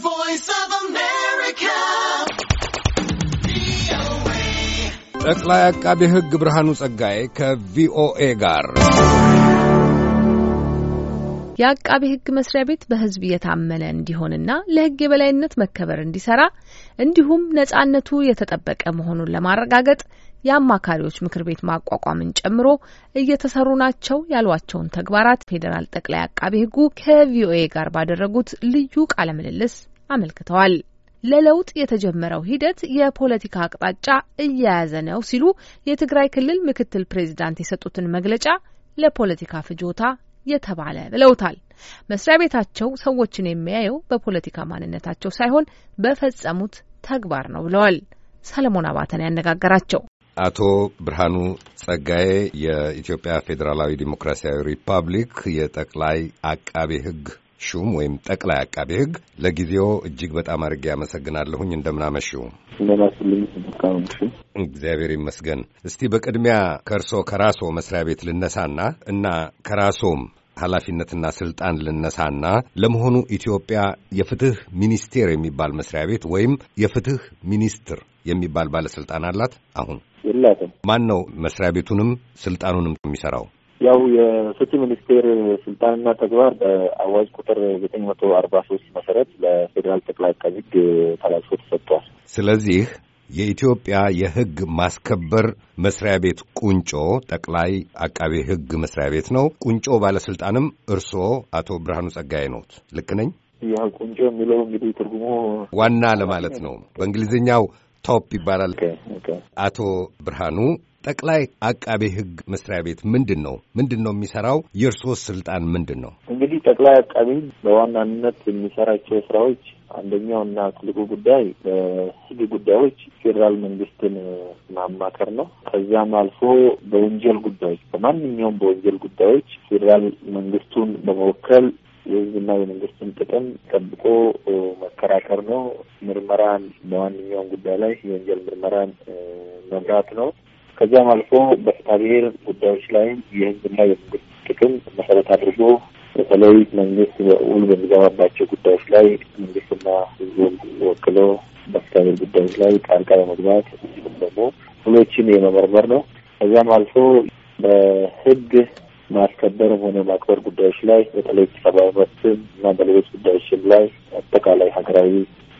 Voice of America. ጠቅላይ አቃቤ ሕግ ብርሃኑ ጸጋዬ ከቪኦኤ ጋር የአቃቤ ሕግ መስሪያ ቤት በሕዝብ እየታመነ እንዲሆንና ለሕግ የበላይነት መከበር እንዲሰራ እንዲሁም ነጻነቱ የተጠበቀ መሆኑን ለማረጋገጥ የአማካሪዎች ምክር ቤት ማቋቋምን ጨምሮ እየተሰሩ ናቸው ያሏቸውን ተግባራት ፌዴራል ጠቅላይ አቃቤ ሕጉ ከቪኦኤ ጋር ባደረጉት ልዩ ቃለ ምልልስ አመልክተዋል። ለለውጥ የተጀመረው ሂደት የፖለቲካ አቅጣጫ እየያዘ ነው ሲሉ የትግራይ ክልል ምክትል ፕሬዚዳንት የሰጡትን መግለጫ ለፖለቲካ ፍጆታ የተባለ ብለውታል። መስሪያ ቤታቸው ሰዎችን የሚያየው በፖለቲካ ማንነታቸው ሳይሆን በፈጸሙት ተግባር ነው ብለዋል። ሰለሞን አባተን ያነጋገራቸው አቶ ብርሃኑ ጸጋዬ የኢትዮጵያ ፌዴራላዊ ዲሞክራሲያዊ ሪፐብሊክ የጠቅላይ አቃቤ ሕግ ሹም ወይም ጠቅላይ አቃቤ ሕግ ለጊዜው እጅግ በጣም አድርጌ ያመሰግናለሁኝ። እንደምናመሽው እግዚአብሔር ይመስገን። እስቲ በቅድሚያ ከእርሶ ከራሶ መስሪያ ቤት ልነሳና እና ከራሶም ኃላፊነትና ስልጣን ልነሳና ለመሆኑ ኢትዮጵያ የፍትህ ሚኒስቴር የሚባል መስሪያ ቤት ወይም የፍትህ ሚኒስትር የሚባል ባለስልጣን አላት? አሁን የላትም። ማን ነው መስሪያ ቤቱንም ስልጣኑንም የሚሰራው? ያው የፍትህ ሚኒስቴር ስልጣንና ተግባር በአዋጅ ቁጥር ዘጠኝ መቶ አርባ ሶስት መሰረት ለፌዴራል ጠቅላይ አቃቤ ሕግ ተላልፎ ተሰጥቷል። ስለዚህ የኢትዮጵያ የሕግ ማስከበር መስሪያ ቤት ቁንጮ ጠቅላይ አቃቤ ሕግ መስሪያ ቤት ነው። ቁንጮ ባለስልጣንም እርስዎ አቶ ብርሃኑ ጸጋዬ ነውት ልክ ነኝ? ቁንጮ የሚለው እንግዲህ ትርጉሞ ዋና ለማለት ነው። በእንግሊዝኛው ቶፕ ይባላል። አቶ ብርሃኑ ጠቅላይ አቃቤ ሕግ መስሪያ ቤት ምንድን ነው ምንድን ነው የሚሰራው? የእርሶስ ስልጣን ምንድን ነው? እንግዲህ ጠቅላይ አቃቤ ሕግ በዋናነት የሚሰራቸው ስራዎች አንደኛው እና ትልቁ ጉዳይ በሕግ ጉዳዮች ፌዴራል መንግስትን ማማከር ነው። ከዚያም አልፎ በወንጀል ጉዳዮች በማንኛውም በወንጀል ጉዳዮች ፌዴራል መንግስቱን በመወከል የህዝብና የመንግስትን ጥቅም ጠብቆ መከራከር ነው። ምርመራን በዋነኛውም ጉዳይ ላይ የወንጀል ምርመራን መምራት ነው። ከዚያም አልፎ በፍትሐብሔር ጉዳዮች ላይ የህዝብና የመንግስት ጥቅም መሰረት አድርጎ በተለይ መንግስት ውል በሚገባባቸው ጉዳዮች ላይ መንግስትና ህዝቡን ወክሎ በፍትሐብሔር ጉዳዮች ላይ ጣልቃ በመግባት እንዲሁም ደግሞ ሁሎችን የመመርመር ነው። ከዚያም አልፎ በህግ ማስከበርም ሆነ ማክበር ጉዳዮች ላይ በተለይ ሰብአዊ መብትም እና በሌሎች ጉዳዮችም ላይ አጠቃላይ ሀገራዊ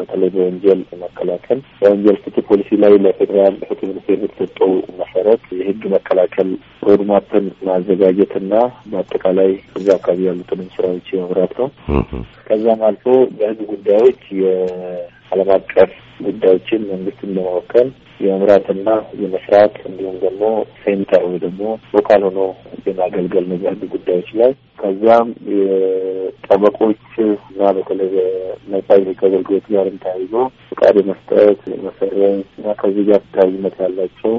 በተለይ በወንጀል መከላከል በወንጀል ፍትህ ፖሊሲ ላይ ለፌዴራል ፍትህ ሚኒስቴር የተሰጠው መሰረት የህግ መከላከል ሮድማፕን ማዘጋጀትና በአጠቃላይ እዛ አካባቢ ያሉትንም ስራዎች የመብራት ነው። ከዛም አልፎ በህግ ጉዳዮች ዓለም አቀፍ ጉዳዮችን መንግስትን በመወከል የመምራትና የመስራት እንዲሁም ደግሞ ሴንተር ወይ ደግሞ ቮካል ሆኖ የማገልገል ነው በህግ ጉዳዮች ላይ። ከዚያም የጠበቆች እና በተለይ ነጻ የህግ አገልግሎት ጋርም ተያይዞ ፍቃድ የመስጠት የመሰረዝ እና ከዚህ ጋር ተያያዥነት ያላቸው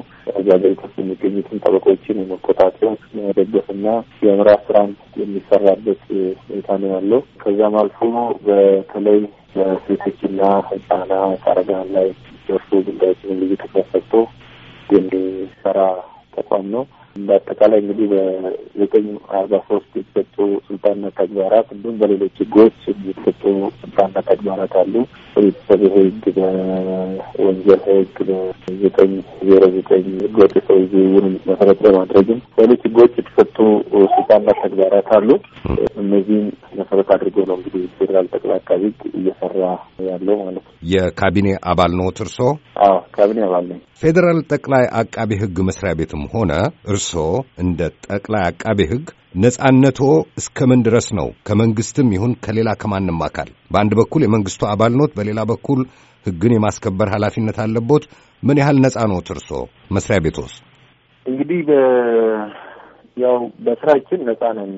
በሀገሪቱ ውስጥ የሚገኙትን ጠበቆችን የመቆጣጠር የመደገፍና የመምራት ስራም የሚሰራበት ሁኔታ ነው ያለው። ከዚያም አልፎ በተለይ በሴቶችና ህጻናት፣ አረጋውያን ላይ ደርሶ ጉዳዮችን ልዩ ትኩረት ሰጥቶ የሚሰራ ተቋም ነው። በአጠቃላይ እንግዲህ በዘጠኝ አርባ ሶስት የተሰጡ ስልጣንና ተግባራት እንዲሁም በሌሎች ህጎች የተሰጡ ስልጣንና ተግባራት አሉ። በቤተሰብ ህግ፣ በወንጀል ህግ፣ በዘጠኝ ዜሮ ዘጠኝ ህገወጥ የሰው ዝውውር መሰረት በማድረግም በሌሎች ህጎች የተሰጡ ስልጣንና ተግባራት አሉ። እነዚህም መሰረት አድርጎ ነው እንግዲህ ፌዴራል ጠቅላይ አቃቤ እየሰራ ያለው ማለት ነው። የካቢኔ አባል ነዎት እርስዎ? አዎ ካቢኔ አባል ነኝ። ፌዴራል ጠቅላይ አቃቤ ህግ መስሪያ ቤትም ሆነ እርስዎ እንደ ጠቅላይ አቃቤ ህግ ነጻነቶ እስከ ምን ድረስ ነው? ከመንግስትም ይሁን ከሌላ ከማንም አካል በአንድ በኩል የመንግስቱ አባል ኖት፣ በሌላ በኩል ህግን የማስከበር ኃላፊነት አለቦት። ምን ያህል ነጻ ኖት እርስዎ መስሪያ ቤቶስ? እንግዲህ ያው በስራችን ነጻ ነን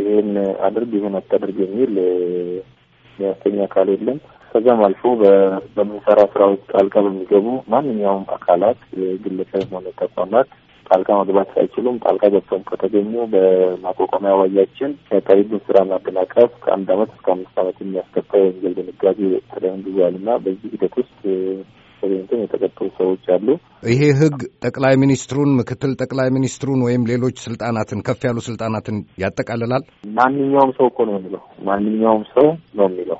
ይህን አድርግ ይህን አታድርግ የሚል የሚያሰኝ አካል የለም። ከዛም አልፎ በምንሰራ ስራ ውስጥ ጣልቃ በሚገቡ ማንኛውም አካላት ግለሰብ ሆነ ተቋማት ጣልቃ መግባት ሳይችሉም ጣልቃ ገብተውም ከተገኙ በማቋቋሚያ አዋጃችን የቀሪቡን ስራ ማደናቀፍ ከአንድ አመት እስከ አምስት አመት የሚያስቀጣ የወንጀል ድንጋጌ ተደንግጓል እና በዚህ ሂደት ውስጥ ኤክስፔሪንስን የተቀጠሉ ሰዎች አሉ። ይሄ ህግ ጠቅላይ ሚኒስትሩን፣ ምክትል ጠቅላይ ሚኒስትሩን ወይም ሌሎች ስልጣናትን ከፍ ያሉ ስልጣናትን ያጠቃልላል። ማንኛውም ሰው እኮ ነው የሚለው ማንኛውም ሰው ነው የሚለው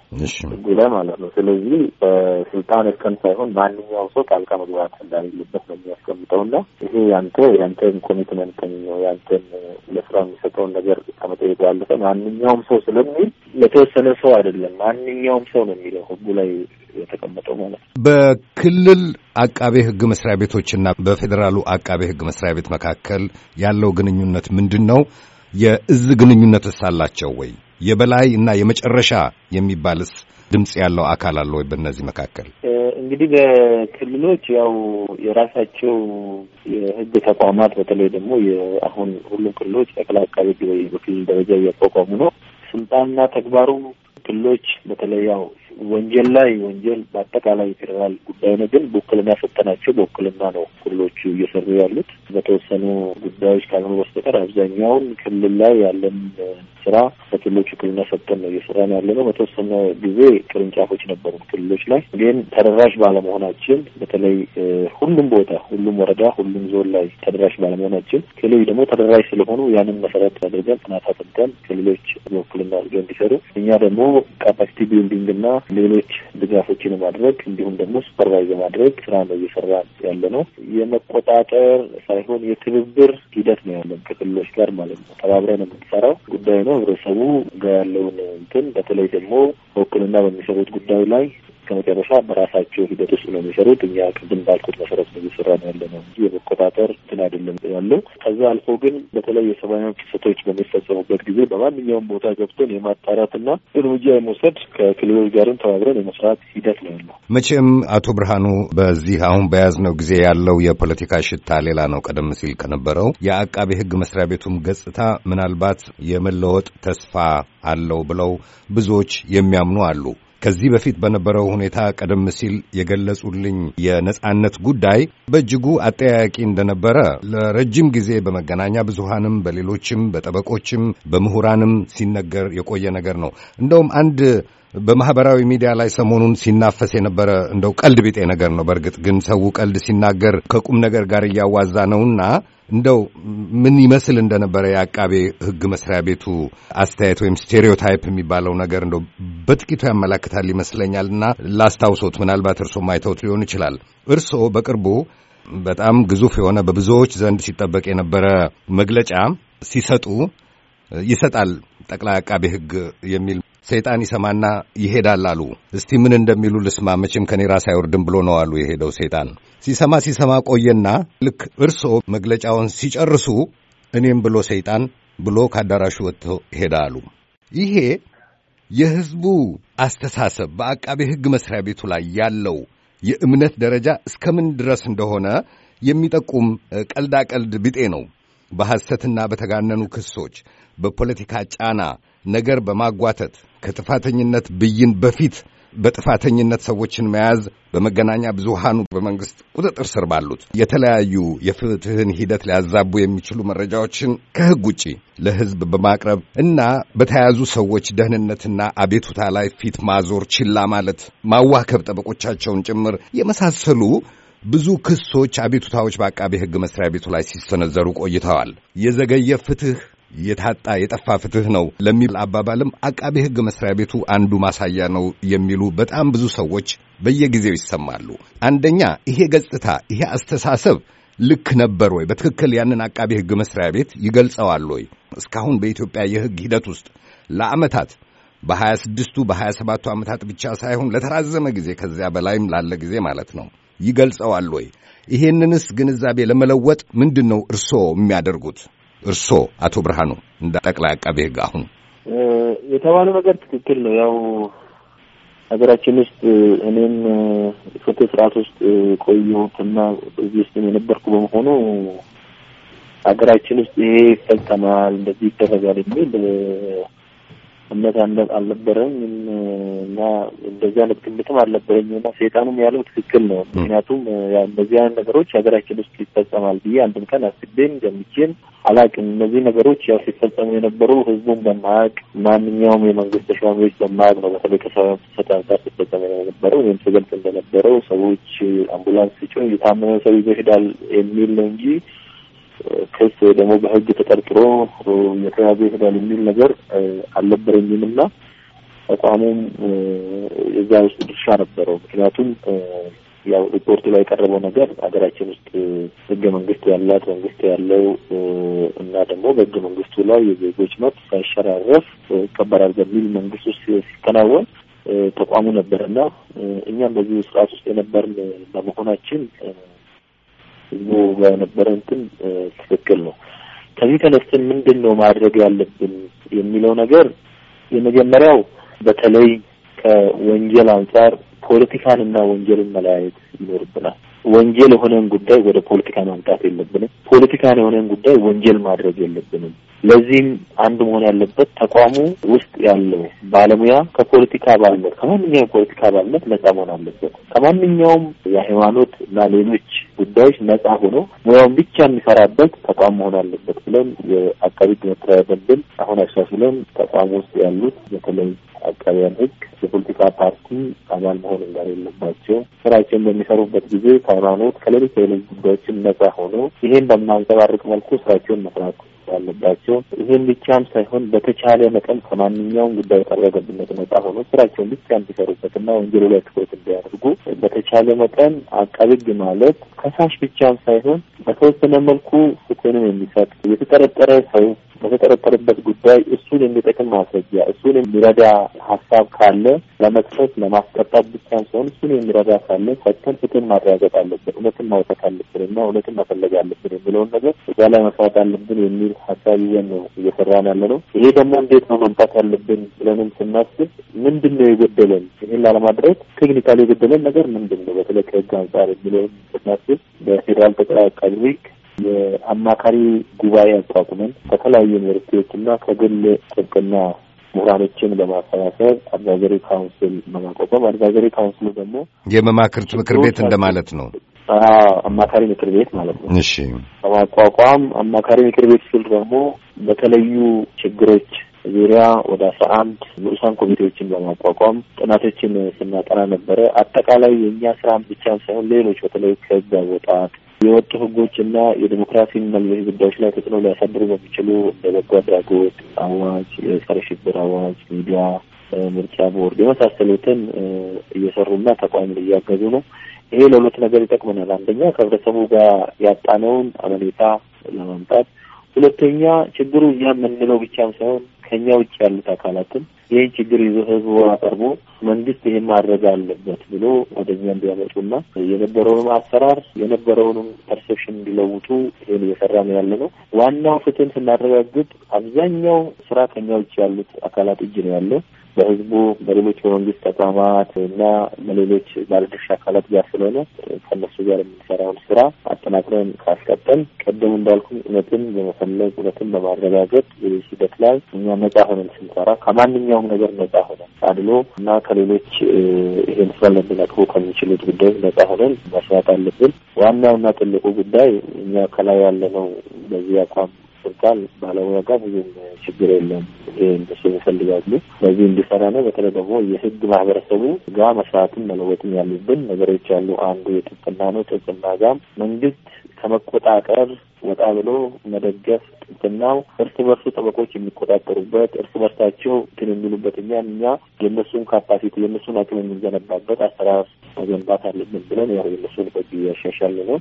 ህጉ ላይ ማለት ነው። ስለዚህ በስልጣን እርከን ሳይሆን ማንኛውም ሰው ጣልቃ መግባት እንዳሌለበት ነው የሚያስቀምጠው እና ይሄ ያንተ ያንተን ኮሚትመንትን ያንተን ለስራ የሚሰጠውን ነገር ከመጠየቅ ባለፈ ማንኛውም ሰው ስለሚል ለተወሰነ ሰው አይደለም ማንኛውም ሰው ነው የሚለው ህጉ ላይ የተቀመጠው ማለት ነው። በክልል አቃቤ ሕግ መስሪያ ቤቶችና በፌዴራሉ አቃቤ ሕግ መስሪያ ቤት መካከል ያለው ግንኙነት ምንድን ነው? የእዝ ግንኙነትስ አላቸው ወይ? የበላይ እና የመጨረሻ የሚባልስ ድምፅ ያለው አካል አለ ወይ? በእነዚህ መካከል እንግዲህ በክልሎች ያው የራሳቸው የህግ ተቋማት በተለይ ደግሞ አሁን ሁሉም ክልሎች ጠቅላይ አቃቤ ወይ በክልል ደረጃ እያቋቋሙ ነው። ስልጣንና ተግባሩ ክልሎች በተለይ ያው ወንጀል ላይ ወንጀል በአጠቃላይ የፌዴራል ጉዳይ ነው። ግን በውክልና ሰጠናቸው። በውክልና ነው ክልሎቹ እየሰሩ ያሉት። በተወሰኑ ጉዳዮች ካልሆኑ በስተቀር አብዛኛውን ክልል ላይ ያለን ስራ በክልሎች ውክልና ሰጥተን ነው እየሰራን ያለ ነው። በተወሰነ ጊዜ ቅርንጫፎች ነበሩ ክልሎች ላይ ግን ተደራሽ ባለመሆናችን በተለይ ሁሉም ቦታ፣ ሁሉም ወረዳ፣ ሁሉም ዞን ላይ ተደራሽ ባለመሆናችን ክልሎች ደግሞ ተደራሽ ስለሆኑ ያንን መሰረት አድርገን ጥናት አጥንተን ክልሎች በውክልና አድርገን እንዲሰሩ እኛ ደግሞ ካፓሲቲ ቢልዲንግ እና ሌሎች ድጋፎችን ማድረግ እንዲሁም ደግሞ ሱፐርቫይዝ ማድረግ ስራ ነው እየሰራ ያለ ነው። የመቆጣጠር ሳይሆን የትብብር ሂደት ነው ያለን ከክልሎች ጋር ማለት ነው። ተባብረን የምንሰራው ጉዳይ ነው። ህብረተሰቡ ጋር ያለውን እንትን በተለይ ደግሞ በውክልና በሚሰሩት ጉዳይ ላይ እስከ መጨረሻ በራሳቸው ሂደት ውስጥ ነው የሚሰሩት። እኛ ቅድም ባልኩት መሰረት ነው እየሰራ ነው ያለ ነው እንጂ የመቆጣጠር እንትን አይደለም ያለው። ከዛ አልፎ ግን በተለይ የሰብአዊ መብት ጥሰቶች በሚፈጸሙበት ጊዜ በማንኛውም ቦታ ገብተን የማጣራትና እርምጃ የመውሰድ ከክልሎች ጋርም ተባብረን የመስራት ሂደት ነው ያለው። መቼም አቶ ብርሃኑ በዚህ አሁን በያዝነው ጊዜ ያለው የፖለቲካ ሽታ ሌላ ነው ቀደም ሲል ከነበረው። የአቃቤ ሕግ መስሪያ ቤቱም ገጽታ ምናልባት የመለወጥ ተስፋ አለው ብለው ብዙዎች የሚያምኑ አሉ። ከዚህ በፊት በነበረው ሁኔታ ቀደም ሲል የገለጹልኝ የነጻነት ጉዳይ በእጅጉ አጠያያቂ እንደነበረ ለረጅም ጊዜ በመገናኛ ብዙሃንም በሌሎችም በጠበቆችም በምሁራንም ሲነገር የቆየ ነገር ነው። እንደውም አንድ በማህበራዊ ሚዲያ ላይ ሰሞኑን ሲናፈስ የነበረ እንደው ቀልድ ቢጤ ነገር ነው። በእርግጥ ግን ሰው ቀልድ ሲናገር ከቁም ነገር ጋር እያዋዛ ነውና እንደው ምን ይመስል እንደነበረ የአቃቤ ሕግ መስሪያ ቤቱ አስተያየት ወይም ስቴሪዮታይፕ የሚባለው ነገር እንደው በጥቂቱ ያመላክታል ይመስለኛል። እና ላስታውሶት፣ ምናልባት እርሶ ማይተውት ሊሆን ይችላል። እርሶ በቅርቡ በጣም ግዙፍ የሆነ በብዙዎች ዘንድ ሲጠበቅ የነበረ መግለጫ ሲሰጡ ይሰጣል ጠቅላይ አቃቤ ሕግ የሚል ሰይጣን ይሰማና ይሄዳል አሉ። እስቲ ምን እንደሚሉ ልስማ፣ መቼም ከኔ ራስ አይወርድም ብሎ ነው አሉ የሄደው ሰይጣን። ሲሰማ ሲሰማ ቆየና ልክ እርስዎ መግለጫውን ሲጨርሱ እኔም ብሎ ሰይጣን ብሎ ከአዳራሹ ወጥቶ ሄዳ አሉ። ይሄ የህዝቡ አስተሳሰብ በአቃቤ ሕግ መስሪያ ቤቱ ላይ ያለው የእምነት ደረጃ እስከምን ድረስ እንደሆነ የሚጠቁም ቀልዳቀልድ ቢጤ ነው። በሐሰትና በተጋነኑ ክሶች፣ በፖለቲካ ጫና ነገር በማጓተት ከጥፋተኝነት ብይን በፊት በጥፋተኝነት ሰዎችን መያዝ በመገናኛ ብዙሃኑ በመንግስት ቁጥጥር ስር ባሉት የተለያዩ የፍትህን ሂደት ሊያዛቡ የሚችሉ መረጃዎችን ከህግ ውጪ ለህዝብ በማቅረብ እና በተያያዙ ሰዎች ደህንነትና አቤቱታ ላይ ፊት ማዞር፣ ችላ ማለት፣ ማዋከብ ጠበቆቻቸውን ጭምር የመሳሰሉ ብዙ ክሶች፣ አቤቱታዎች በአቃቤ ህግ መስሪያ ቤቱ ላይ ሲሰነዘሩ ቆይተዋል። የዘገየ ፍትህ የታጣ የጠፋ ፍትህ ነው ለሚል አባባልም አቃቤ ሕግ መስሪያ ቤቱ አንዱ ማሳያ ነው የሚሉ በጣም ብዙ ሰዎች በየጊዜው ይሰማሉ። አንደኛ ይሄ ገጽታ ይሄ አስተሳሰብ ልክ ነበር ወይ? በትክክል ያንን አቃቤ ሕግ መስሪያ ቤት ይገልጸዋል ወይ? እስካሁን በኢትዮጵያ የሕግ ሂደት ውስጥ ለዓመታት በሀያ ስድስቱ በሀያ ሰባቱ ዓመታት ብቻ ሳይሆን ለተራዘመ ጊዜ ከዚያ በላይም ላለ ጊዜ ማለት ነው ይገልጸዋል ወይ? ይሄንንስ ግንዛቤ ለመለወጥ ምንድን ነው እርስዎ የሚያደርጉት? እርስዎ አቶ ብርሃኑ እንደ ጠቅላይ አቃቤ ሕግ አሁን የተባለው ነገር ትክክል ነው። ያው ሀገራችን ውስጥ እኔም ፍትህ ስርዓት ውስጥ ቆየሁትና እዚህ ውስጥ የነበርኩ በመሆኑ ሀገራችን ውስጥ ይሄ ይፈጸማል፣ እንደዚህ ይደረጋል የሚል እምነት አልነበረኝም እና እንደዚህ አይነት ግምትም አልነበረኝ እና ሴጣኑም ያለው ትክክል ነው። ምክንያቱም እንደዚህ አይነት ነገሮች ሀገራችን ውስጥ ይፈጸማል ብዬ አንድም ቀን አስቤም ገምቼም አላውቅም። እነዚህ ነገሮች ያው ሲፈጸሙ የነበሩ ህዝቡን በማያውቅ ማንኛውም የመንግስት ተሿሚዎች በማያውቅ ነው። በተለይ ከሰት አንጻር ሲፈጸመ የነበረው ወይም ስገልጽ እንደነበረው ሰዎች አምቡላንስ ሲጮ የታመመ ሰው ይዞ ሄዳል የሚል ነው እንጂ ክስ ወይ ደግሞ በህግ ተጠርጥሮ የተያዘ ይሄዳል የሚል ነገር አልነበረኝም እና ተቋሙም የዛ ውስጥ ድርሻ ነበረው። ምክንያቱም ያው ሪፖርቱ ላይ የቀረበው ነገር ሀገራችን ውስጥ ህገ መንግስት ያላት መንግስት ያለው እና ደግሞ በህገ መንግስቱ ላይ የዜጎች መብት ሳይሸራረፍ ይከበራል በሚል መንግስት ውስጥ ሲከናወን ተቋሙ ነበር እና እኛም በዚህ ስርዓት ውስጥ የነበርን በመሆናችን ህዝቡ በነበረ እንትን ትክክል ነው። ከዚህ ተነስተን ምንድን ነው ማድረግ ያለብን የሚለው ነገር የመጀመሪያው በተለይ ከወንጀል አንጻር ፖለቲካንና ወንጀልን መለያየት ይኖርብናል። ወንጀል የሆነን ጉዳይ ወደ ፖለቲካ ማምጣት የለብንም። ፖለቲካን የሆነን ጉዳይ ወንጀል ማድረግ የለብንም። ለዚህም አንዱ መሆን ያለበት ተቋሙ ውስጥ ያለው ባለሙያ ከፖለቲካ አባልነት ከማንኛውም ፖለቲካ አባልነት ነጻ መሆን አለበት። ከማንኛውም የሃይማኖት እና ሌሎች ጉዳዮች ነጻ ሆኖ ሙያውን ብቻ የሚሰራበት ተቋም መሆን አለበት ብለን የአቃቤ ሕግ መተዳደሪያ ደንብን አሁን አሻሽለን ተቋሙ ውስጥ ያሉት በተለይ አቃቢያን ህግ የፖለቲካ ፓርቲ አባል መሆን እንደሌለባቸው ስራቸውን በሚሰሩበት ጊዜ ከሃይማኖት፣ ከሌሎች ከሌሎች ጉዳዮችን ነጻ ሆኖ ይሄን በማንጸባርቅ መልኩ ስራቸውን መስራት ያለባቸው ይህም ብቻም ሳይሆን በተቻለ መጠን ከማንኛውም ጉዳይ ጣልቃ ገብነት ነጻ ሆኖ ስራቸውን ብቻ እንዲሰሩበትና ወንጀሉ ላይ ትኩረት እንዲያደርጉ በተቻለ መጠን አቃቤ ሕግ ማለት ከሳሽ ብቻም ሳይሆን በተወሰነ መልኩ ፍትህንም የሚሰጥ የተጠረጠረ ሰው በተጠረጠረበት ጉዳይ እሱን የሚጠቅም ማስረጃ እሱን የሚረዳ ሀሳብ ካለ ለመክሰስ ለማስቀጣት ብቻ ሲሆን እሱን የሚረዳ ካለ ፈተን ፍትን ማረጋገጥ አለብን፣ እውነትን ማውጣት አለብን እና እውነትን መፈለግ አለብን የሚለውን ነገር እዛ ላይ መስራት አለብን የሚል ሀሳብ ይዘን ነው እየሰራን ያለ ነው። ይሄ ደግሞ እንዴት ነው መምጣት ያለብን ብለንም ስናስብ ምንድን ነው የጎደለን ይህን ላለማድረግ ቴክኒካል የጎደለን ነገር ምንድን ነው በተለይ ከህግ አንጻር የሚለውን ስናስብ በፌዴራል ጠቅላይ አቃቢ ህግ የአማካሪ ጉባኤ አቋቁመን ከተለያዩ ዩኒቨርሲቲዎች ና ከግል ጥብቅና ምሁራኖችን በማሰባሰብ አድቫይዘሪ ካውንስል በማቋቋም አድቫይዘሪ ካውንስሉ ደግሞ የመማክርት ምክር ቤት እንደማለት ነው። አማካሪ ምክር ቤት ማለት ነው። እሺ፣ በማቋቋም አማካሪ ምክር ቤት ስል ደግሞ በተለዩ ችግሮች ዙሪያ ወደ አስራ አንድ ንዑሳን ኮሚቴዎችን በማቋቋም ጥናቶችን ስናጠና ነበረ። አጠቃላይ የእኛ ስራም ብቻ ሳይሆን ሌሎች በተለይ ከህግ አወጣት የወጡ ህጎች እና የዲሞክራሲን መልበሽ ጉዳዮች ላይ ተጽዕኖ ሊያሳድሩ በሚችሉ እንደ በጎ አድራጎት አዋጅ፣ የጸረ ሽብር አዋጅ፣ ሚዲያ፣ ምርጫ ቦርድ የመሳሰሉትን እየሰሩና ተቋሚ እያገዙ ነው። ይሄ ለሁለት ነገር ይጠቅመናል። አንደኛ ከህብረተሰቡ ጋር ያጣነውን አመኔታ ለማምጣት ሁለተኛ ችግሩ እኛ የምንለው ብቻም ሳይሆን ከኛ ውጭ ያሉት አካላትም ይህን ችግር ይዞ ህዝቡ አቀርቦ መንግስት ይህን ማድረግ አለበት ብሎ ወደኛ እንዲያመጡና የነበረውንም አሰራር የነበረውንም ፐርሴፕሽን እንዲለውጡ ይህን እየሰራ ነው ያለ ነው። ዋናው ፍትህን ስናረጋግጥ አብዛኛው ስራ ከኛ ውጭ ያሉት አካላት እጅ ነው ያለው። በህዝቡ በሌሎች በመንግስት ተቋማት እና በሌሎች ባለድርሻ አካላት ጋር ስለሆነ ከነሱ ጋር የምንሰራውን ስራ አጠናክረን ካስቀጠል ቀደም እንዳልኩ እውነትን በመፈለግ እውነትን በማረጋገጥ ሂደት ላይ እኛ ነጻ ሆነን ስንሰራ ከማንኛውም ነገር ነጻ ሆነን አድሎ እና ከሌሎች ይሄን ስራ ለሚነቅቡ ከሚችሉት ጉዳዮች ነጻ ሆነን መስራት አለብን። ዋናውና ትልቁ ጉዳይ እኛ ከላይ ያለነው በዚህ አቋም ስልጣን ባለሙያ ጋር ብዙም ችግር የለም። ይሄ እንደሱ ይፈልጋሉ። ስለዚህ እንዲሰራ ነው። በተለይ ደግሞ የህግ ማህበረሰቡ ጋር መስራትም መለወጥም ያሉብን ነገሮች ያሉ አንዱ የጥብቅና ነው። ጥብቅና ጋር መንግስት ከመቆጣጠር ወጣ ብሎ መደገፍ ጥብቅናው እርስ በርሱ ጠበቆች የሚቆጣጠሩበት እርስ በርሳቸው እንትን የሚሉበት እኛ እኛ የእነሱን ካፓሲቲ የእነሱን አቅም የምንገነባበት አሰራር መገንባት አለብን ብለን ያው የእነሱን በግ እያሻሻል ነው።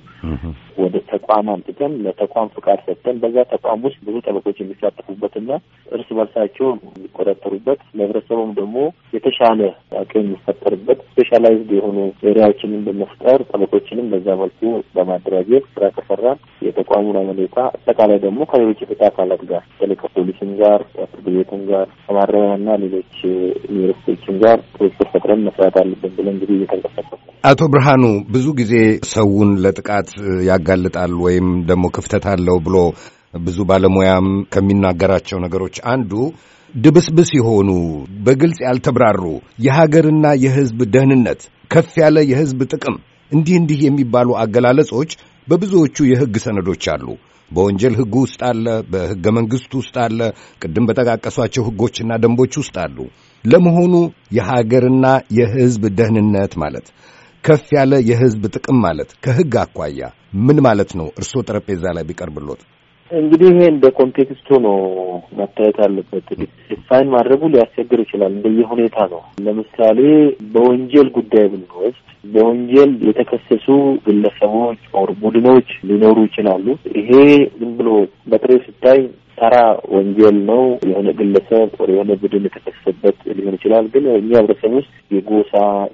ወደ ተቋም አምጥተን ለተቋም ፍቃድ ሰጥተን በዛ ተቋም ውስጥ ብዙ ጠበቆች የሚሳተፉበትና እርስ በርሳቸው የሚቆጣጠሩበት ለህብረተሰቡም ደግሞ የተሻለ አቅም የሚፈጠርበት ስፔሻላይዝድ የሆኑ ኤሪያዎችንም በመፍጠር ጠበቆችንም በዛ መልኩ በማደራጀት ስራ ከሰራ የተቋሙን አመኔታ አጠቃላይ ደግሞ ከሌሎች የፍትህ አካላት ጋር በተለይ ከፖሊስም ጋር ከፍርድ ቤትም ጋር ከማረሚያና ሌሎች ዩኒቨርስቲዎችም ጋር ትብብር ፈጥረን መስራት አለብን ብለን እንግዲህ እየተንቀሳቀሱ አቶ ብርሃኑ ብዙ ጊዜ ሰውን ለጥቃት ያጋልጣል ወይም ደግሞ ክፍተት አለው ብሎ ብዙ ባለሙያም ከሚናገራቸው ነገሮች አንዱ ድብስብስ የሆኑ በግልጽ ያልተብራሩ የሀገርና የሕዝብ ደህንነት፣ ከፍ ያለ የሕዝብ ጥቅም እንዲህ እንዲህ የሚባሉ አገላለጾች በብዙዎቹ የሕግ ሰነዶች አሉ። በወንጀል ህግ ውስጥ አለ፣ በሕገ መንግሥቱ ውስጥ አለ፣ ቅድም በጠቃቀሷቸው ሕጎችና ደንቦች ውስጥ አሉ። ለመሆኑ የሀገርና የሕዝብ ደህንነት ማለት ከፍ ያለ የሕዝብ ጥቅም ማለት ከሕግ አኳያ ምን ማለት ነው? እርስዎ ጠረጴዛ ላይ ቢቀርብሎት እንግዲህ ይሄ እንደ ኮንቴክስቱ ነው መታየት አለበት። ዲፋይን ማድረጉ ሊያስቸግር ይችላል። እንደየ ሁኔታ ነው። ለምሳሌ በወንጀል ጉዳይ ብንወስድ በወንጀል የተከሰሱ ግለሰቦች ኦር ቡድኖች ሊኖሩ ይችላሉ። ይሄ ዝም ብሎ በጥሬ ስታይ ተራ ወንጀል ነው። የሆነ ግለሰብ ወደ የሆነ ቡድን የተከሰሰበት ሊሆን ይችላል። ግን እኛ ህብረተሰብ ውስጥ የጎሳ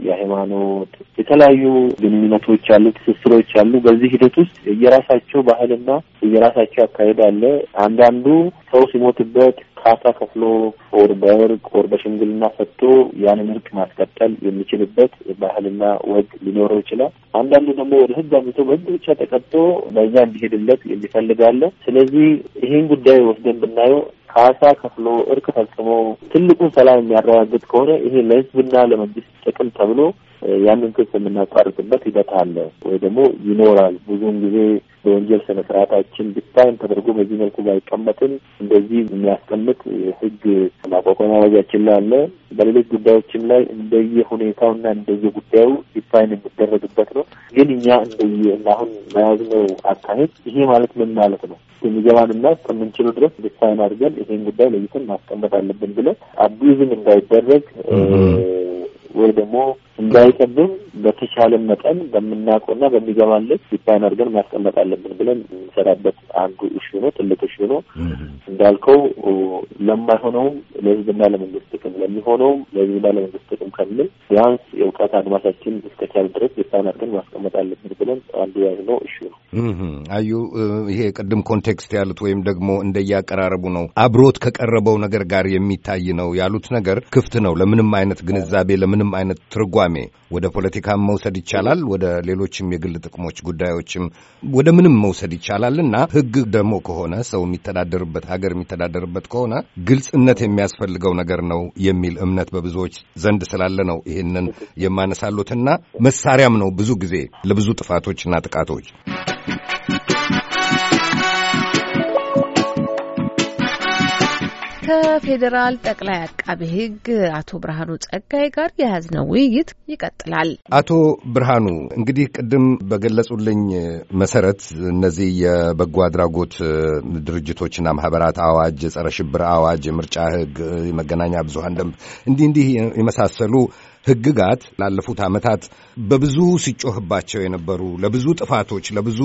የሃይማኖት፣ የተለያዩ ግንኙነቶች አሉ፣ ትስስሮች አሉ። በዚህ ሂደት ውስጥ የራሳቸው ባህልና የራሳቸው አካሄድ አለ። አንዳንዱ ሰው ሲሞትበት ካሳ ከፍሎ ወር በወርቅ ወር በሽምግልና ፈቶ ያንን እርቅ ማስቀጠል የሚችልበት ባህልና ወግ ሊኖረው ይችላል። አንዳንዱ ደግሞ ወደ ህግ አምቶ በህግ ብቻ ተቀጥቶ በዛ እንዲሄድለት የሚፈልጋለ። ስለዚህ ይህን ጉዳይ ወስደን ብናየው ካሳ ከፍሎ እርቅ ፈጽሞ ትልቁን ሰላም የሚያረጋግጥ ከሆነ ይሄ ለህዝብና ለመንግስት ጥቅም ተብሎ ያንን ክስ የምናቋርጥበት ሂደት አለ ወይ ደግሞ ይኖራል። ብዙውን ጊዜ በወንጀል ስነ ስርዓታችን ዲፋይን ተደርጎ በዚህ መልኩ ባይቀመጥም እንደዚህ የሚያስቀምጥ ህግ ማቋቋሚያ አዋጃችን ላይ አለ። በሌሎች ጉዳዮችም ላይ እንደየ ሁኔታውና እንደየ ጉዳዩ ዲፋይን የሚደረግበት ነው። ግን እኛ እንደየ አሁን መያዝነው አካሄድ ይሄ ማለት ምን ማለት ነው የሚገባንና እስከምንችሉ ድረስ ዲፋይን አድርገን ይሄን ጉዳይ ለይተን ማስቀመጥ አለብን ብለን አቢዝም እንዳይደረግ ወይ ደግሞ እንዳይቀብም በተቻለ መጠን በምናውቀውና በሚገባን ልክ ዲፋይን አድርገን ማስቀመጥ አለብን ብለን የምንሰራበት አንዱ እሹ ነው። ትልቅ እሹ ነው እንዳልከው ለማይሆነውም ለህዝብና ለመንግስት ጥቅም ለሚሆነውም ለህዝብና ለመንግስት ጥቅም ከምል ቢያንስ የእውቀት አድማሳችን እስከቻል ድረስ ዲፋይን አድርገን ማስቀመጥ አለብን ብለን አንዱ ያዝነው እሹ ነው። አዩ ይሄ ቅድም ኮንቴክስት ያሉት ወይም ደግሞ አቀራረቡ ነው አብሮት ከቀረበው ነገር ጋር የሚታይ ነው ያሉት ነገር ክፍት ነው ለምንም አይነት ግንዛቤ ለምንም አይነት ትርጓ ትርጓሜ ወደ ፖለቲካም መውሰድ ይቻላል፣ ወደ ሌሎችም የግል ጥቅሞች ጉዳዮችም ወደ ምንም መውሰድ ይቻላል እና ህግ ደግሞ ከሆነ ሰው የሚተዳደርበት ሀገር የሚተዳደርበት ከሆነ ግልጽነት የሚያስፈልገው ነገር ነው የሚል እምነት በብዙዎች ዘንድ ስላለ ነው ይህንን የማነሳሉትና መሳሪያም ነው ብዙ ጊዜ ለብዙ ጥፋቶችና ጥቃቶች ከፌዴራል ጠቅላይ አቃቤ ሕግ አቶ ብርሃኑ ጸጋይ ጋር የያዝነው ውይይት ይቀጥላል። አቶ ብርሃኑ እንግዲህ ቅድም በገለጹልኝ መሰረት እነዚህ የበጎ አድራጎት ድርጅቶችና ማህበራት አዋጅ፣ የጸረ ሽብር አዋጅ፣ የምርጫ ሕግ፣ የመገናኛ ብዙሀን ደንብ እንዲህ እንዲህ የመሳሰሉ ህግጋት ላለፉት ዓመታት በብዙ ሲጮህባቸው የነበሩ ለብዙ ጥፋቶች፣ ለብዙ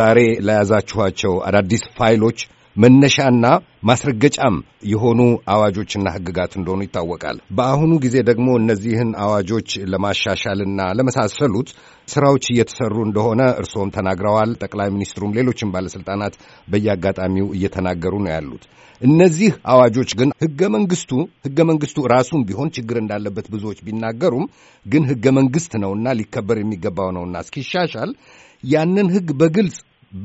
ዛሬ ለያዛችኋቸው አዳዲስ ፋይሎች መነሻና ማስረገጫም የሆኑ አዋጆችና ህግጋት እንደሆኑ ይታወቃል። በአሁኑ ጊዜ ደግሞ እነዚህን አዋጆች ለማሻሻልና ለመሳሰሉት ስራዎች እየተሰሩ እንደሆነ እርስዎም ተናግረዋል። ጠቅላይ ሚኒስትሩም ሌሎችም ባለስልጣናት በየአጋጣሚው እየተናገሩ ነው ያሉት። እነዚህ አዋጆች ግን ህገ መንግስቱ ህገ መንግስቱ ራሱም ቢሆን ችግር እንዳለበት ብዙዎች ቢናገሩም ግን ህገ መንግስት ነውና ሊከበር የሚገባው ነውና እስኪሻሻል ያንን ህግ በግልጽ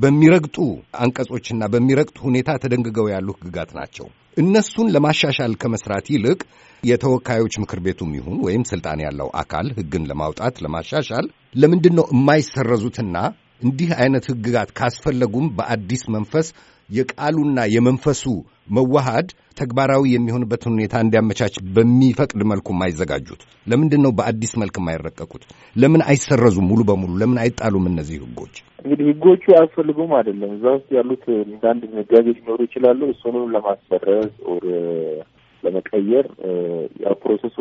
በሚረግጡ አንቀጾችና በሚረግጥ ሁኔታ ተደንግገው ያሉ ህግጋት ናቸው። እነሱን ለማሻሻል ከመስራት ይልቅ የተወካዮች ምክር ቤቱም ይሁን ወይም ስልጣን ያለው አካል ህግን ለማውጣት ለማሻሻል ለምንድን ነው የማይሰረዙትና እንዲህ አይነት ህግጋት ካስፈለጉም በአዲስ መንፈስ የቃሉና የመንፈሱ መዋሃድ ተግባራዊ የሚሆንበትን ሁኔታ እንዲያመቻች በሚፈቅድ መልኩ የማይዘጋጁት? ለምንድን ነው በአዲስ መልክ የማይረቀቁት? ለምን አይሰረዙም? ሙሉ በሙሉ ለምን አይጣሉም? እነዚህ ህጎች እንግዲህ ህጎቹ አያስፈልጉም አይደለም። እዛ ውስጥ ያሉት አንዳንድ ድንጋጌዎች ሊኖሩ ይችላሉ። እሱንም ለማሰረዝ ኦር ለመቀየር ያው ፕሮሰሱ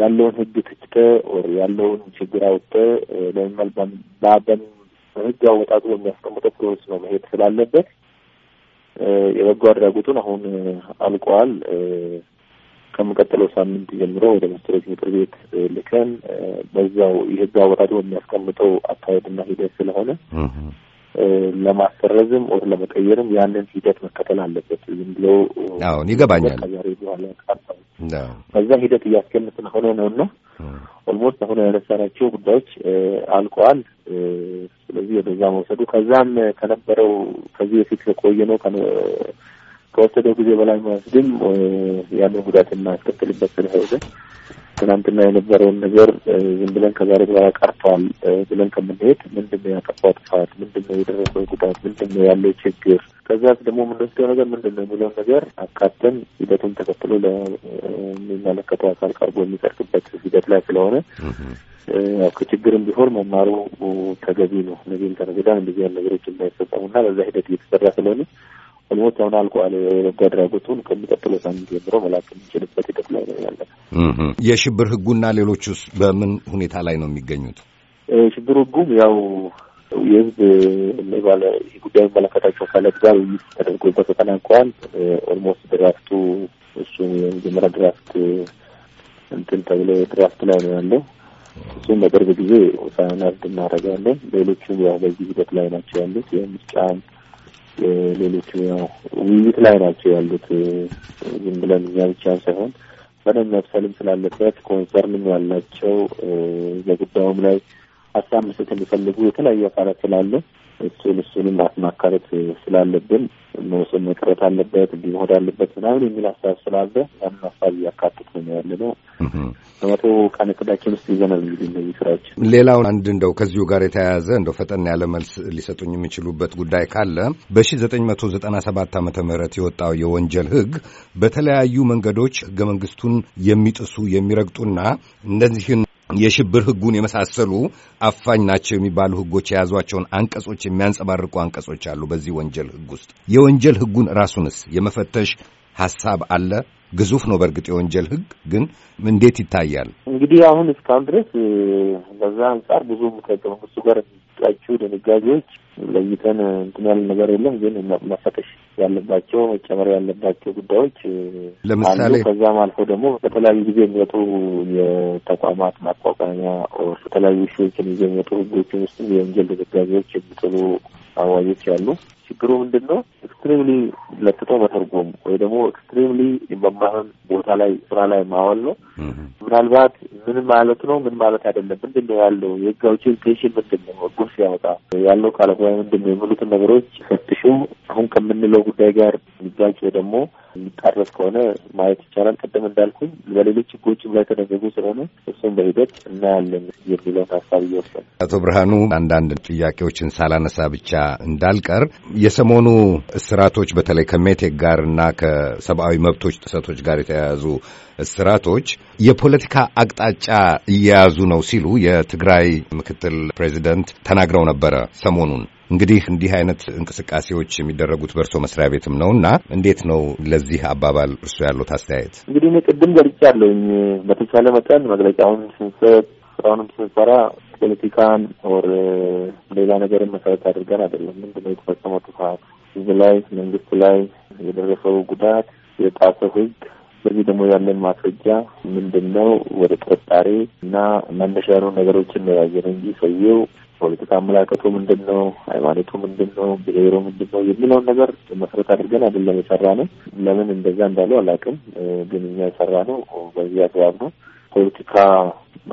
ያለውን ህግ ትችተ ኦር ያለውን ችግር አውጥተ ህግ አወጣጡ በሚያስቀምጠው ፕሮስ ነው መሄድ ስላለበት የበጎ አድራጎቱን አሁን አልቋል። ከሚቀጥለው ሳምንት ጀምሮ ወደ ሚኒስትሮች ምክር ቤት ልከን በዛው የህግ አወጣጡ በሚያስቀምጠው አካሄድና ሂደት ስለሆነ ለማሰረዝም ወር ለመቀየርም ያንን ሂደት መከተል አለበት። ዝም ብሎ አሁን ይገባኛል በዛ ሂደት እያስገምትን ሆነ ነው እና ኦልሞስት አሁን ያነሳናቸው ጉዳዮች አልቀዋል። ስለዚህ ወደዛ መውሰዱ ከዛም ከነበረው ከዚህ በፊት ከቆየ ነው ከወሰደው ጊዜ በላይ ማለት ግን ያንን ጉዳት የማያስከትልበት ስለሆነ ትናንትና የነበረውን ነገር ዝም ብለን ከዛሬ በኋላ ቀርተዋል ብለን ከምንሄድ ምንድን ነው ያጠፋው ጥፋት፣ ምንድን ነው የደረሰው ጉዳት፣ ምንድን ነው ያለው ችግር፣ ከዛስ ደግሞ የምንወስደው ነገር ምንድን ነው የሚለውን ነገር አካተን ሂደቱን ተከትሎ ለሚመለከተው አካል ቀርቦ የሚጠርቅበት ሂደት ላይ ስለሆነ ከችግርም ቢሆን መማሩ ተገቢ ነው። ነዚህም ተነገዳን እንደዚህ ነገሮች እንዳይፈጸሙና በዛ ሂደት እየተሰራ ስለሆነ ኦልሞስት አሁን አልቋል። የበጎ አድራጎቱን ከሚቀጥለው ሳምንት ጀምሮ መላክ የሚችልበት ሂደት ላይ ነው ያለ። የሽብር ህጉና ሌሎች ውስጥ በምን ሁኔታ ላይ ነው የሚገኙት? ሽብር ህጉም ያው የህዝብ ባለ ጉዳይ የሚመለከታቸው አካላት ጋር ውይይት ተደርጎበት ተጠናቋል። ኦልሞስት ድራፍቱ እሱ የመጀመሪያ ድራፍት እንትን ተብሎ ድራፍት ላይ ነው ያለው። እሱም በቅርብ ጊዜ ሳናት እናደርጋለን። ሌሎቹም ያው በዚህ ሂደት ላይ ናቸው ያሉት የምርጫ ሌሎቹ ያው ውይይት ላይ ናቸው ያሉት። ዝም ብለን እኛ ብቻ ሳይሆን በደንብ መብሰልም ስላለበት ኮንሰርንም ያላቸው በጉዳዩም ላይ ሀሳብ መስጠት የሚፈልጉ የተለያዩ አካላት ስላለ እሱን እሱንም ማስማከረት ስላለብን መውሰን መቅረት አለበት እንዲመሆድ አለበት ምናምን የሚል ሀሳብ ስላለ ያንን ሀሳብ እያካትት ነው ያለ ነው። በመቶ ቀን እቅዳችን ውስጥ ይዘናል እንግዲህ እነዚህ ስራዎች። ሌላው አንድ እንደው ከዚሁ ጋር የተያያዘ እንደው ፈጠን ያለ መልስ ሊሰጡኝ የሚችሉበት ጉዳይ ካለ በ ሰባት ዓመተ ምህረት የወጣው የወንጀል ህግ በተለያዩ መንገዶች ህገ መንግስቱን የሚጥሱ የሚረግጡና እነዚህን የሽብር ህጉን የመሳሰሉ አፋኝ ናቸው የሚባሉ ህጎች የያዟቸውን አንቀጾች የሚያንጸባርቁ አንቀጾች አሉ። በዚህ ወንጀል ህግ ውስጥ የወንጀል ህጉን ራሱንስ የመፈተሽ ሀሳብ አለ? ግዙፍ ነው። በእርግጥ የወንጀል ህግ ግን እንዴት ይታያል? እንግዲህ አሁን እስካሁን ድረስ በዛ አንጻር ብዙም ከሱ ጋር የሚጣቸው ድንጋጌዎች ለይተን እንትን ያለ ነገር የለም። ግን መፈተሽ ያለባቸው መጨመር ያለባቸው ጉዳዮች ለምሳሌ ከዛም አልፎ ደግሞ በተለያዩ ጊዜ የሚወጡ የተቋማት ማቋቋሚያ ኦር የተለያዩ ሺዎችን ይዘው የሚወጡ ህጎችን ውስጥም የወንጀል ድንጋጌዎች የሚጥሉ አዋጆች ያሉ ችግሩ ምንድን ነው? ኤክስትሪምሊ ለጥጦ መተርጎም ወይ ደግሞ ኤክስትሪምሊ የመማህን ቦታ ላይ ስራ ላይ ማዋል ነው። ምናልባት ምን ማለት ነው፣ ምን ማለት አይደለም፣ ምንድን ነው ያለው የህግ አውጪ ኢንቴንሽን ምንድን ነው፣ ህጉን ሲያወጣ ያለው ቃለ ምንድን ነው የሚሉትን ነገሮች ፈትሹ። አሁን ከምንለው ጉዳይ ጋር ሚጋጭ ደግሞ የሚጣረስ ከሆነ ማየት ይቻላል። ቀደም እንዳልኩኝ በሌሎች ህጎችም ላይ ተደረጉ ስለሆነ እሱም በሂደት እናያለን የሚለውን ሀሳብ እየወሰን አቶ ብርሃኑ አንዳንድ ጥያቄዎችን ሳላነሳ ብቻ እንዳልቀር የሰሞኑ እስራቶች በተለይ ከሜቴክ ጋር እና ከሰብአዊ መብቶች ጥሰቶች ጋር የተያያዙ እስራቶች የፖለቲካ አቅጣጫ እየያዙ ነው ሲሉ የትግራይ ምክትል ፕሬዚደንት ተናግረው ነበረ ሰሞኑን እንግዲህ እንዲህ አይነት እንቅስቃሴዎች የሚደረጉት በእርሶ መስሪያ ቤትም ነው እና እንዴት ነው ለዚህ አባባል እርሶ ያለት አስተያየት? እንግዲህ እኔ ቅድም ገልጫለሁኝ። በተቻለ መጠን መግለጫውን ስንሰጥ ስራውንም ስንሰራ ፖለቲካን ወር ሌላ ነገርን መሰረት አድርገን አይደለም። ምንድነው የተፈጸመው ጥፋት ህዝብ ላይ መንግስት ላይ የደረሰው ጉዳት የጣሰው ህግ በዚህ ደግሞ ያለን ማስረጃ ምንድን ነው? ወደ ጥርጣሬ እና መነሻ ያሉ ነገሮችን ነው ያየነው እንጂ ሰውየው ፖለቲካ አመላከቱ ምንድን ነው፣ ሃይማኖቱ ምንድን ነው፣ ብሄሩ ምንድን ነው የሚለውን ነገር መሰረት አድርገን አይደለም የሰራ ነው። ለምን እንደዛ እንዳሉ አላውቅም፣ ግን እኛ የሰራ ነው በዚህ አግባብ ነው። ፖለቲካ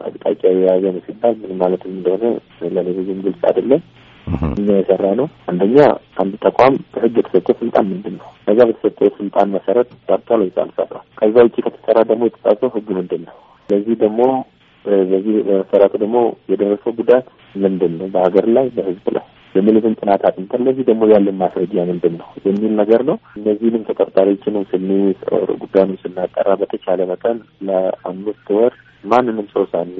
አቅጣጫ የያዘ ነው ሲባል ምን ማለት እንደሆነ ለእኔ ብዙም ግልጽ አይደለም። እኛ የሰራ ነው አንደኛ አንድ ተቋም በህግ የተሰጠው ስልጣን ምንድን ነው? ከዛ በተሰጠው ስልጣን መሰረት ሰርቷል ወይስ አልሰራም? ከዛ ውጭ ከተሰራ ደግሞ የተጻፈው ህግ ምንድን ነው? ስለዚህ ደግሞ በዚህ መሰረቱ ደግሞ የደረሰው ጉዳት ምንድን ነው በሀገር ላይ በህዝብ ላይ የሚሉትን ጥናት አጥንተን እነዚህ ደግሞ ያለን ማስረጃ ምንድን ነው የሚል ነገር ነው። እነዚህንም ተጠርጣሪዎችንም ስንይዝ ጉዳዩን ስናጠራ በተቻለ መጠን ለአምስት ወር ማንንም ሰው ሳኒ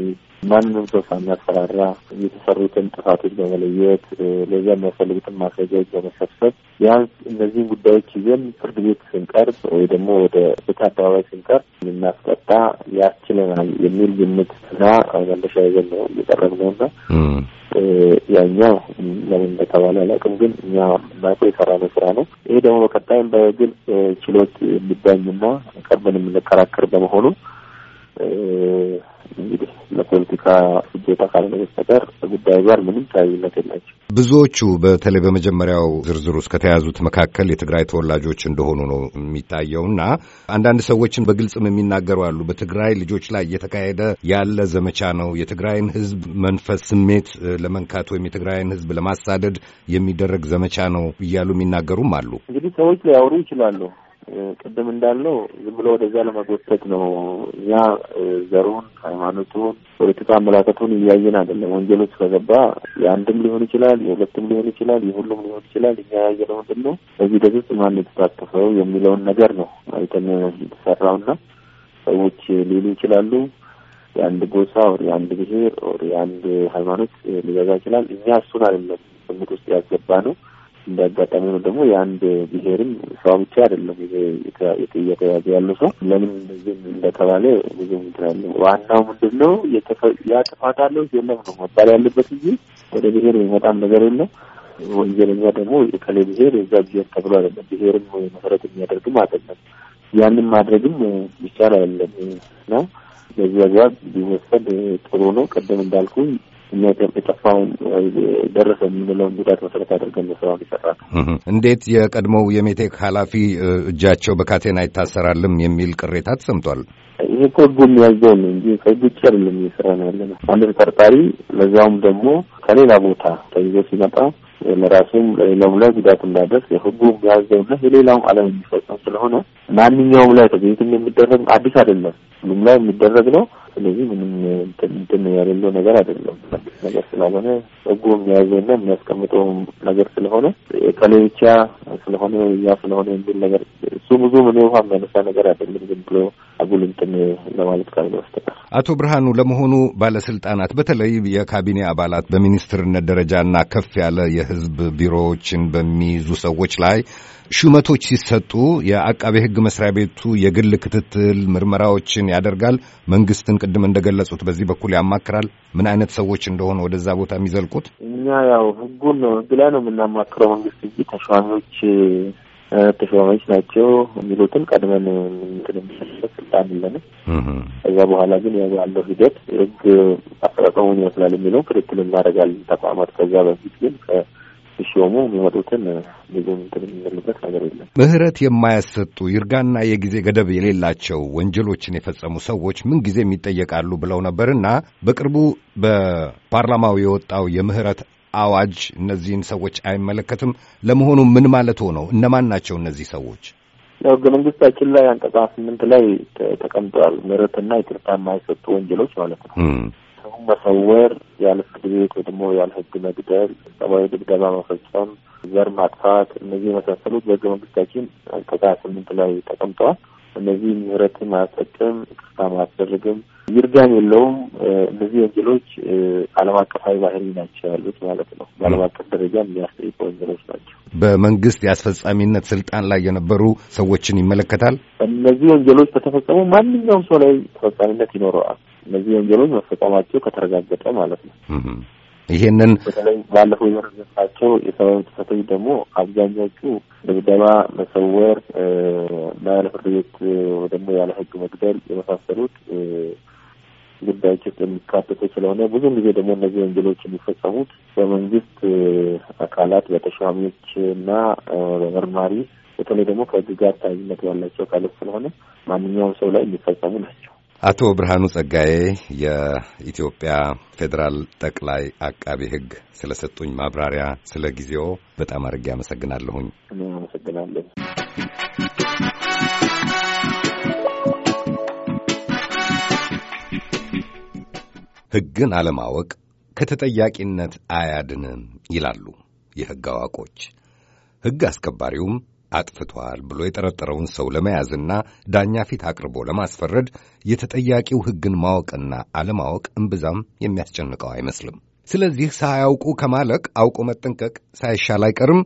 ማንንም ሰው ሳናስፈራራ የተሰሩትን ጥፋቶች በመለየት ለዚያ የሚያስፈልጉትን ማስረጃዎች በመሰብሰብ ቢያንስ እነዚህን ጉዳዮች ይዘን ፍርድ ቤት ስንቀርብ ወይ ደግሞ ወደ ፍትህ አደባባይ ስንቀርብ ልናስቀጣ ያስችለናል የሚል ግምት እና መለሻ ይዘን ነው እየቀረብ ነው እና ያኛው ለምን እንደተባለ አላውቅም፣ ግን እኛ የምናውቀው የሰራነው ስራ ነው። ይሄ ደግሞ በቀጣይም በግልጽ ችሎት የሚዳኝና ቀርበን የምንከራከር በመሆኑ እንግዲህ ለፖለቲካ ፍጆታ ካልሆነ በስተቀር ጉዳዩ ጋር ምንም ተያያዥነት የላቸው። ብዙዎቹ በተለይ በመጀመሪያው ዝርዝር ውስጥ ከተያዙት መካከል የትግራይ ተወላጆች እንደሆኑ ነው የሚታየው እና አንዳንድ ሰዎችን በግልጽም የሚናገሩ አሉ። በትግራይ ልጆች ላይ እየተካሄደ ያለ ዘመቻ ነው። የትግራይን ሕዝብ መንፈስ ስሜት ለመንካት ወይም የትግራይን ሕዝብ ለማሳደድ የሚደረግ ዘመቻ ነው እያሉ የሚናገሩም አሉ። እንግዲህ ሰዎች ሊያወሩ ይችላሉ። ቅድም እንዳለው ዝም ብሎ ወደዛ ለመጎተት ነው። እኛ ዘሩን፣ ሃይማኖቱን፣ ፖለቲካ አመላከቱን እያየን አይደለም። ወንጀል ውስጥ ከገባ የአንድም ሊሆን ይችላል፣ የሁለትም ሊሆን ይችላል፣ የሁሉም ሊሆን ይችላል። እኛ ያየነው ምንድን ነው በዚህ ሂደት ማን የተሳተፈው የሚለውን ነገር ነው አይተን የተሰራውና ሰዎች ሊሉ ይችላሉ የአንድ ጎሳ ወር የአንድ ብሄር ወር የአንድ ሃይማኖት ሊበዛ ይችላል። እኛ እሱን አይደለም ግምት ውስጥ ያስገባ ነው እንዳጋጣሚ ነው ደግሞ የአንድ ብሔርም ሰው ብቻ አይደለም እየተያዘ ያለው ሰው ለምን እንደዚህም እንደተባለ ብዙ ምትላለ። ዋናው ምንድን ነው ያ ጥፋት አለው የለም ነው መባል ያለበት እንጂ ወደ ብሔር የሚመጣም ነገር የለም። ወንጀለኛ ደግሞ የከሌ ብሔር የዛ ብሔር ተብሎ አይደለም ብሔርም መሰረት የሚያደርግም አይደለም። ያንን ማድረግም ይቻል አይደለም ነው በዚህ አግባብ ቢወሰድ ጥሩ ነው። ቅድም እንዳልኩ እኛ የጠፋውን ደረሰ የምንለውን ጉዳት መሰረት አድርገን ስራውን ይሰራል። እንዴት የቀድሞው የሜቴክ ኃላፊ እጃቸው በካቴን አይታሰራልም የሚል ቅሬታ ተሰምቷል። ይህ እኮ ህጉ የሚያዘው ነው እንጂ ከህግ ውጭ አይደለም እየሰራ ነው ያለ ነው። አንድ ተጠርጣሪ ለዛውም ደግሞ ከሌላ ቦታ ተይዞ ሲመጣ ለራሱም ለሌላውም ላይ ጉዳት እንዳደርስ የህጉ የሚያዘውና የሌላውም ዓለም የሚፈጸም ስለሆነ ማንኛውም ላይ ተገኝት የሚደረግ አዲስ አይደለም። ሁሉም ላይ የሚደረግ ነው። ስለዚህ ምንም እንትን ያሌለው ነገር አይደለም። አዲስ ነገር ስላልሆነ ህጉ የሚያዘውና የሚያስቀምጠው ነገር ስለሆነ ከሌ ብቻ ስለሆነ ያ ስለሆነ የሚል ነገር እሱ ብዙ ምን ውሃ የሚያነሳ ነገር አይደለም። ዝም ብሎ አጉል እንትን ለማለት ካልሆነ በስተቀር። አቶ ብርሃኑ፣ ለመሆኑ ባለስልጣናት በተለይ የካቢኔ አባላት በሚኒስትርነት ደረጃና ከፍ ያለ የህዝብ ቢሮዎችን በሚይዙ ሰዎች ላይ ሹመቶች ሲሰጡ የአቃቤ ሕግ መስሪያ ቤቱ የግል ክትትል ምርመራዎችን ያደርጋል። መንግስትን ቅድም እንደገለጹት በዚህ በኩል ያማክራል። ምን አይነት ሰዎች እንደሆነ ወደዛ ቦታ የሚዘልቁት እኛ ያው ሕጉን ነው ሕግ ላይ ነው የምናማክረው መንግስት እንጂ ተሿሚዎች ተሿሚዎች ናቸው የሚሉትን ቀድመን እንትን ስልጣን የለንም። ከዛ በኋላ ግን ያለው ሂደት ሕግ አጠቃቀሙን ይመስላል የሚለው ክትትል እናደርጋለን። ተቋማት ከዛ በፊት ግን ሲሾሙ የሚመጡትን ብዙም እንትን የሚልበት ነገር የለም። ምህረት የማያሰጡ ይርጋና የጊዜ ገደብ የሌላቸው ወንጀሎችን የፈጸሙ ሰዎች ምንጊዜም ይጠየቃሉ ብለው ነበርና በቅርቡ በፓርላማው የወጣው የምህረት አዋጅ እነዚህን ሰዎች አይመለከትም። ለመሆኑ ምን ማለት ነው? እነማን ናቸው እነዚህ ሰዎች? ያው ህገ መንግስታችን ላይ አንቀጽ ስምንት ላይ ተቀምጠዋል። ምህረትና ይቅርታ የማይሰጡ ወንጀሎች ማለት ነው። ሰውን መሰወር፣ ያለ ፍርድ ቤት ወይ ደግሞ ያለ ህግ መግደል፣ ሰብአዊ ድብደባ መፈጸም፣ ዘር ማጥፋት፣ እነዚህ የመሳሰሉት በህገ መንግስታችን አንቀጽ ሀያ ስምንት ላይ ተቀምጠዋል። እነዚህ ምህረትም አያሰጥም፣ ቅስታም አያስደርግም፣ ይርጋም የለውም። እነዚህ ወንጀሎች ዓለም አቀፋዊ ባህሪ ናቸው ያሉት ማለት ነው። በዓለም አቀፍ ደረጃ የሚያስጠይቁ ወንጀሎች ናቸው። በመንግስት የአስፈጻሚነት ስልጣን ላይ የነበሩ ሰዎችን ይመለከታል። እነዚህ ወንጀሎች በተፈጸሙ ማንኛውም ሰው ላይ ተፈጻሚነት ይኖረዋል። እነዚህ ወንጀሎች መፈጸማቸው ከተረጋገጠ ማለት ነው። ይሄንን በተለይ ባለፈው የመረዘባቸው የሰብአዊ ጥሰቶች ደግሞ አብዛኛዎቹ ድብደባ፣ መሰወር እና ፍርድ ቤት ደግሞ ያለ ህግ መግደል የመሳሰሉት ጉዳዮች ውስጥ የሚካተቱ ስለሆነ ብዙውን ጊዜ ደግሞ እነዚህ ወንጀሎች የሚፈጸሙት በመንግስት አካላት በተሿሚዎች እና በመርማሪ በተለይ ደግሞ ከህግ ጋር ታያዥነት ያላቸው አካላት ስለሆነ ማንኛውም ሰው ላይ የሚፈጸሙ ናቸው። አቶ ብርሃኑ ጸጋዬ የኢትዮጵያ ፌዴራል ጠቅላይ አቃቤ ሕግ ስለሰጡኝ ማብራሪያ ስለ ጊዜው በጣም አድርጌ አመሰግናለሁኝ። አመሰግናለሁ። ሕግን አለማወቅ ከተጠያቂነት አያድንም ይላሉ የሕግ አዋቆች። ሕግ አስከባሪውም አጥፍቷል ብሎ የጠረጠረውን ሰው ለመያዝና ዳኛ ፊት አቅርቦ ለማስፈረድ የተጠያቂው ሕግን ማወቅና አለማወቅ እምብዛም የሚያስጨንቀው አይመስልም። ስለዚህ ሳያውቁ ከማለቅ አውቆ መጠንቀቅ ሳይሻል አይቀርም።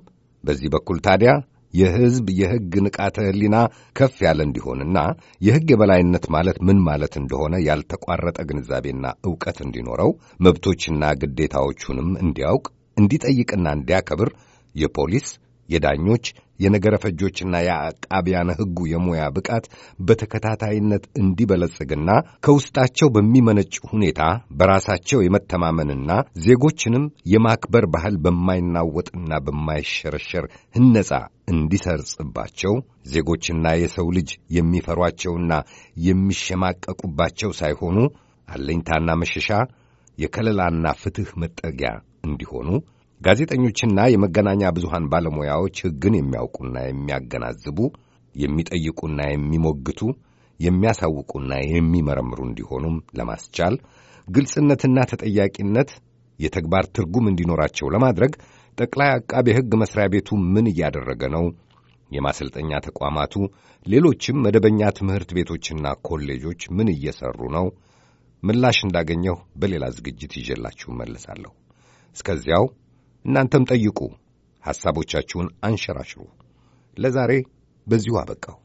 በዚህ በኩል ታዲያ የሕዝብ የሕግ ንቃተ ሕሊና ከፍ ያለ እንዲሆንና የሕግ የበላይነት ማለት ምን ማለት እንደሆነ ያልተቋረጠ ግንዛቤና ዕውቀት እንዲኖረው መብቶችና ግዴታዎቹንም እንዲያውቅ እንዲጠይቅና እንዲያከብር የፖሊስ የዳኞች የነገረ ፈጆችና የአቃቢያን ሕጉ የሙያ ብቃት በተከታታይነት እንዲበለጽግና ከውስጣቸው በሚመነጭ ሁኔታ በራሳቸው የመተማመንና ዜጎችንም የማክበር ባህል በማይናወጥና በማይሸረሸር ህነጻ እንዲሰርጽባቸው ዜጎችና የሰው ልጅ የሚፈሯቸውና የሚሸማቀቁባቸው ሳይሆኑ አለኝታና መሸሻ የከለላና ፍትሕ መጠጊያ እንዲሆኑ ጋዜጠኞችና የመገናኛ ብዙሃን ባለሙያዎች ሕግን የሚያውቁና የሚያገናዝቡ፣ የሚጠይቁና የሚሞግቱ፣ የሚያሳውቁና የሚመረምሩ እንዲሆኑም ለማስቻል ግልጽነትና ተጠያቂነት የተግባር ትርጉም እንዲኖራቸው ለማድረግ ጠቅላይ አቃቤ ሕግ መስሪያ ቤቱ ምን እያደረገ ነው? የማሰልጠኛ ተቋማቱ፣ ሌሎችም መደበኛ ትምህርት ቤቶችና ኮሌጆች ምን እየሰሩ ነው? ምላሽ እንዳገኘሁ በሌላ ዝግጅት ይዤላችሁ መለሳለሁ። እስከዚያው እናንተም ጠይቁ፣ ሐሳቦቻችሁን አንሸራሽሩ። ለዛሬ በዚሁ አበቃው።